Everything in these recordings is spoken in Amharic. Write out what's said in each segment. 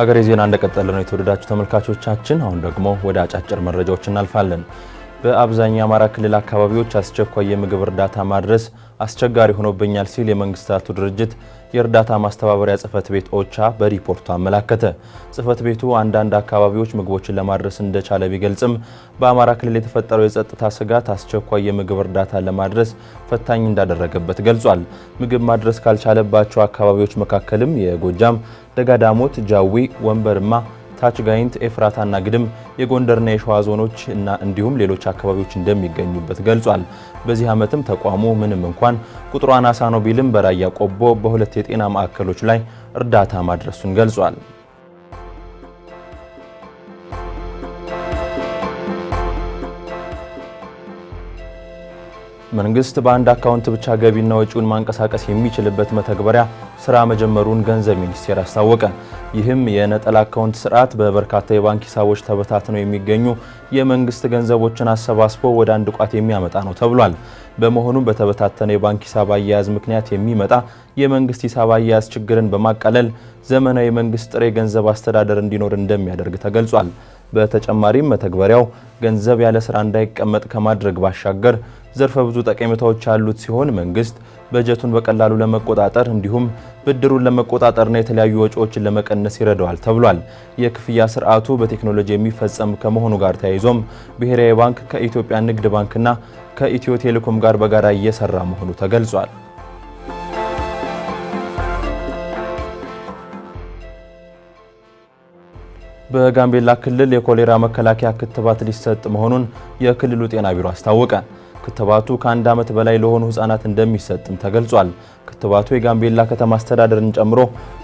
ሀገሬ ዜና እንደቀጠለ ነው። የተወደዳችሁ ተመልካቾቻችን፣ አሁን ደግሞ ወደ አጫጭር መረጃዎች እናልፋለን። በአብዛኛው የአማራ ክልል አካባቢዎች አስቸኳይ የምግብ እርዳታ ማድረስ አስቸጋሪ ሆኖብኛል ሲል የመንግስታቱ ድርጅት የእርዳታ ማስተባበሪያ ጽህፈት ቤት ኦቻ በሪፖርቱ አመላከተ። ጽህፈት ቤቱ አንዳንድ አካባቢዎች ምግቦችን ለማድረስ እንደቻለ ቢገልጽም በአማራ ክልል የተፈጠረው የጸጥታ ስጋት አስቸኳይ የምግብ እርዳታ ለማድረስ ፈታኝ እንዳደረገበት ገልጿል። ምግብ ማድረስ ካልቻለባቸው አካባቢዎች መካከልም የጎጃም ደጋዳሞት፣ ጃዊ፣ ወንበርማ ታች ጋይንት፣ ኤፍራታና ግድም የጎንደርና የሸዋ ዞኖች እና እንዲሁም ሌሎች አካባቢዎች እንደሚገኙበት ገልጿል። በዚህ ዓመትም ተቋሙ ምንም እንኳን ቁጥሯ አናሳ ነው ቢልም በራያ ቆቦ በሁለት የጤና ማዕከሎች ላይ እርዳታ ማድረሱን ገልጿል። መንግስት በአንድ አካውንት ብቻ ገቢና ወጪውን ማንቀሳቀስ የሚችልበት መተግበሪያ ስራ መጀመሩን ገንዘብ ሚኒስቴር አስታወቀ። ይህም የነጠላ አካውንት ስርዓት በበርካታ የባንክ ሂሳቦች ተበታትነው የሚገኙ የመንግስት ገንዘቦችን አሰባስቦ ወደ አንድ ቋት የሚያመጣ ነው ተብሏል። በመሆኑም በተበታተነ የባንክ ሂሳብ አያያዝ ምክንያት የሚመጣ የመንግስት ሂሳብ አያያዝ ችግርን በማቃለል ዘመናዊ የመንግስት ጥሬ ገንዘብ አስተዳደር እንዲኖር እንደሚያደርግ ተገልጿል። በተጨማሪም መተግበሪያው ገንዘብ ያለ ስራ እንዳይቀመጥ ከማድረግ ባሻገር ዘርፈ ብዙ ጠቀሜታዎች ያሉት ሲሆን መንግስት በጀቱን በቀላሉ ለመቆጣጠር እንዲሁም ብድሩን ለመቆጣጠርና የተለያዩ ወጪዎችን ለመቀነስ ይረዳዋል ተብሏል። የክፍያ ስርዓቱ በቴክኖሎጂ የሚፈጸም ከመሆኑ ጋር ተያይዞም ብሔራዊ ባንክ ከኢትዮጵያ ንግድ ባንክና ከኢትዮ ቴሌኮም ጋር በጋራ እየሰራ መሆኑ ተገልጿል። በጋምቤላ ክልል የኮሌራ መከላከያ ክትባት ሊሰጥ መሆኑን የክልሉ ጤና ቢሮ አስታወቀ። ክትባቱ ከአንድ ዓመት በላይ ለሆኑ ህፃናት እንደሚሰጥም ተገልጿል። ክትባቱ የጋምቤላ ከተማ አስተዳደርን ጨምሮ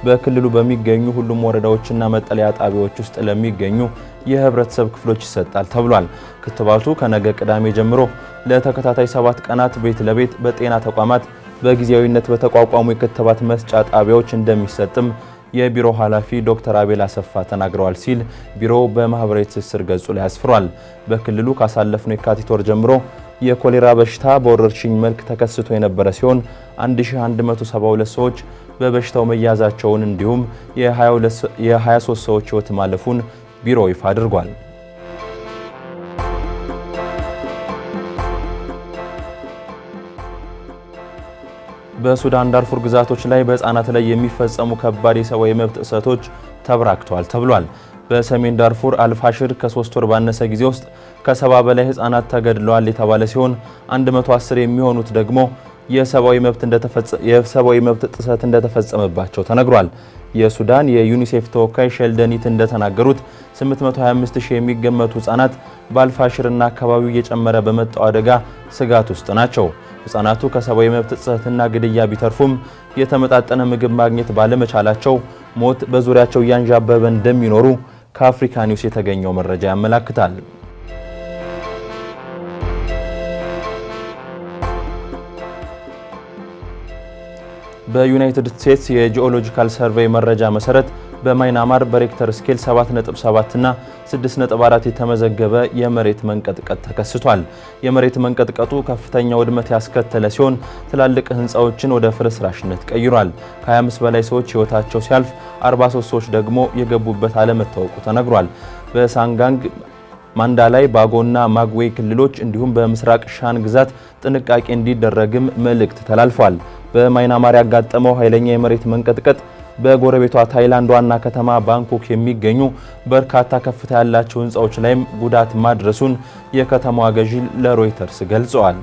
በክልሉ በሚገኙ ሁሉም ወረዳዎችና መጠለያ ጣቢያዎች ውስጥ ለሚገኙ የህብረተሰብ ክፍሎች ይሰጣል ተብሏል። ክትባቱ ከነገ ቅዳሜ ጀምሮ ለተከታታይ ሰባት ቀናት ቤት ለቤት በጤና ተቋማት በጊዜያዊነት በተቋቋሙ የክትባት መስጫ ጣቢያዎች እንደሚሰጥም የቢሮ ኃላፊ ዶክተር አቤል አሰፋ ተናግረዋል ሲል ቢሮው በማኅበራዊ ትስስር ገጹ ላይ አስፍሯል። በክልሉ ካሳለፍነው የካቲት ወር ጀምሮ የኮሌራ በሽታ በወረርሽኝ መልክ ተከስቶ የነበረ ሲሆን 1172 ሰዎች በበሽታው መያዛቸውን እንዲሁም የ23 ሰዎች ህይወት ማለፉን ቢሮ ይፋ አድርጓል። በሱዳን ዳርፉር ግዛቶች ላይ በህፃናት ላይ የሚፈጸሙ ከባድ የሰብአዊ መብት ጥሰቶች ተበራክተዋል ተብሏል። በሰሜን ዳርፉር አልፋሽር ከሶስት ወር ባነሰ ጊዜ ውስጥ ከሰባ በላይ ህጻናት ተገድለዋል የተባለ ሲሆን 110 የሚሆኑት ደግሞ የሰብአዊ መብት ጥሰት እንደተፈጸመባቸው ተነግሯል። የሱዳን የዩኒሴፍ ተወካይ ሸልደኒት እንደተናገሩት 825,000 የሚገመቱ ህጻናት በአልፋሽርና አካባቢው እየጨመረ በመጣው አደጋ ስጋት ውስጥ ናቸው። ህጻናቱ ከሰብአዊ መብት ጥሰትና ግድያ ቢተርፉም የተመጣጠነ ምግብ ማግኘት ባለመቻላቸው ሞት በዙሪያቸው እያንዣበበ እንደሚኖሩ ከአፍሪካ ኒውስ የተገኘው መረጃ ያመላክታል። በዩናይትድ ስቴትስ የጂኦሎጂካል ሰርቬይ መረጃ መሰረት በማይናማር በሬክተር ስኬል 7.7 ና 6.4 የተመዘገበ የመሬት መንቀጥቀጥ ተከስቷል። የመሬት መንቀጥቀጡ ከፍተኛ ውድመት ያስከተለ ሲሆን ትላልቅ ሕንፃዎችን ወደ ፍርስራሽነት ቀይሯል። ከ25 በላይ ሰዎች ሕይወታቸው ሲያልፍ 43 ሰዎች ደግሞ የገቡበት አለመታወቁ ተነግሯል። በሳንጋንግ ማንዳላይ፣ ባጎና ማግዌይ ክልሎች እንዲሁም በምስራቅ ሻን ግዛት ጥንቃቄ እንዲደረግም መልእክት ተላልፏል። በማይናማር ያጋጠመው ኃይለኛ የመሬት መንቀጥቀጥ በጎረቤቷ ታይላንድ ዋና ከተማ ባንኮክ የሚገኙ በርካታ ከፍታ ያላቸው ህንፃዎች ላይም ጉዳት ማድረሱን የከተማዋ ገዢ ለሮይተርስ ገልጸዋል።